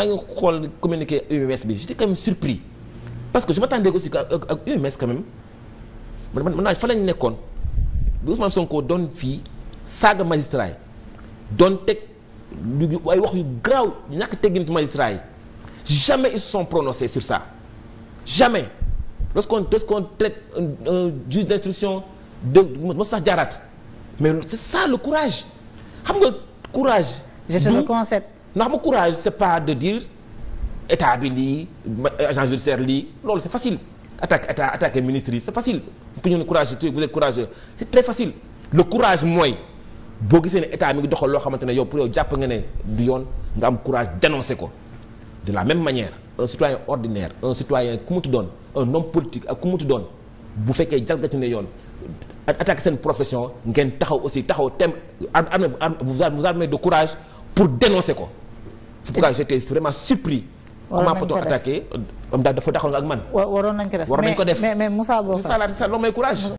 maa ngi xool communiqué UMS bi j'étais parce que je m'attendais aussi ak ak UMS quand même nekkoon bi Ousmane Sonko fii saaga magistrat yi teg lu wax yu graaw ñàkk tegginti magistrat yi jamais ils se sont prononcés sur ça jamais lorsqu'on lorsqu'on traite un, d'instruction de sax jaaraat mais c'est ça le courage xam nga courage. je le concède. ndax ma courage c'est pas de dire état bi lii agent judiciaire lii loolu c'est facile attaque état attaquer ministre yi c'est facile pour ñu ne courage vous êtes courageux c'est très facile le courage mooy boo gisee ne état bi ngi doxal loo xamante ne yow pour yow jàpp nga ne du yoon nga am courage dénoncé ko de la même manière un citoyen ordinaire un citoyen ku mu ti doon un homme politique ku mu ti doon bu fekkee jalgati ne yoon attaque seen profession ngeen taxaw aussi taxaw thème vous armez de courage pour dénoncer ko c'est pourquoi j'étais vraiment surpris comment peut-on attaquer dafa daxal nga ak man waroon nañ ko def mais mais Moussa Bokar loolu may courage